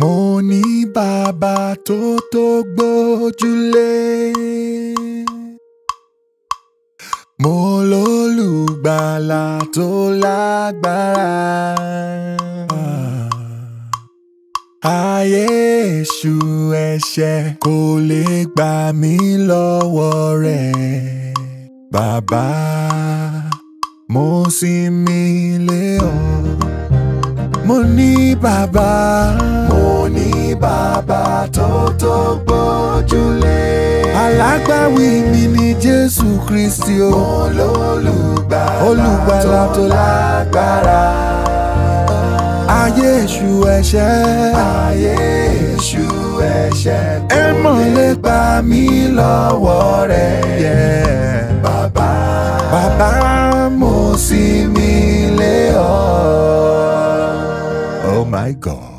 mo ní bàbá tó tó gbójúlé mo lólùgbàlà tó lágbára. Ayé èṣù ẹ̀ṣẹ̀ kò lè gbà mí lọ́wọ́ rẹ̀. Bàbá mo sinmi lé ọ. Mo ní bàbá. Mo tó gbójúlé. alágbàwí mi ni jésù kristi o. olùgbàlà tó lágbára. ayé èṣù ẹ̀ṣẹ̀. ayé èṣù ẹ̀ṣẹ̀ kò lè. ẹ mọ̀ lè gbà mí lọ́wọ́ rẹ̀ bàbá bàbá mo sì mí lé ọ. Oh my God.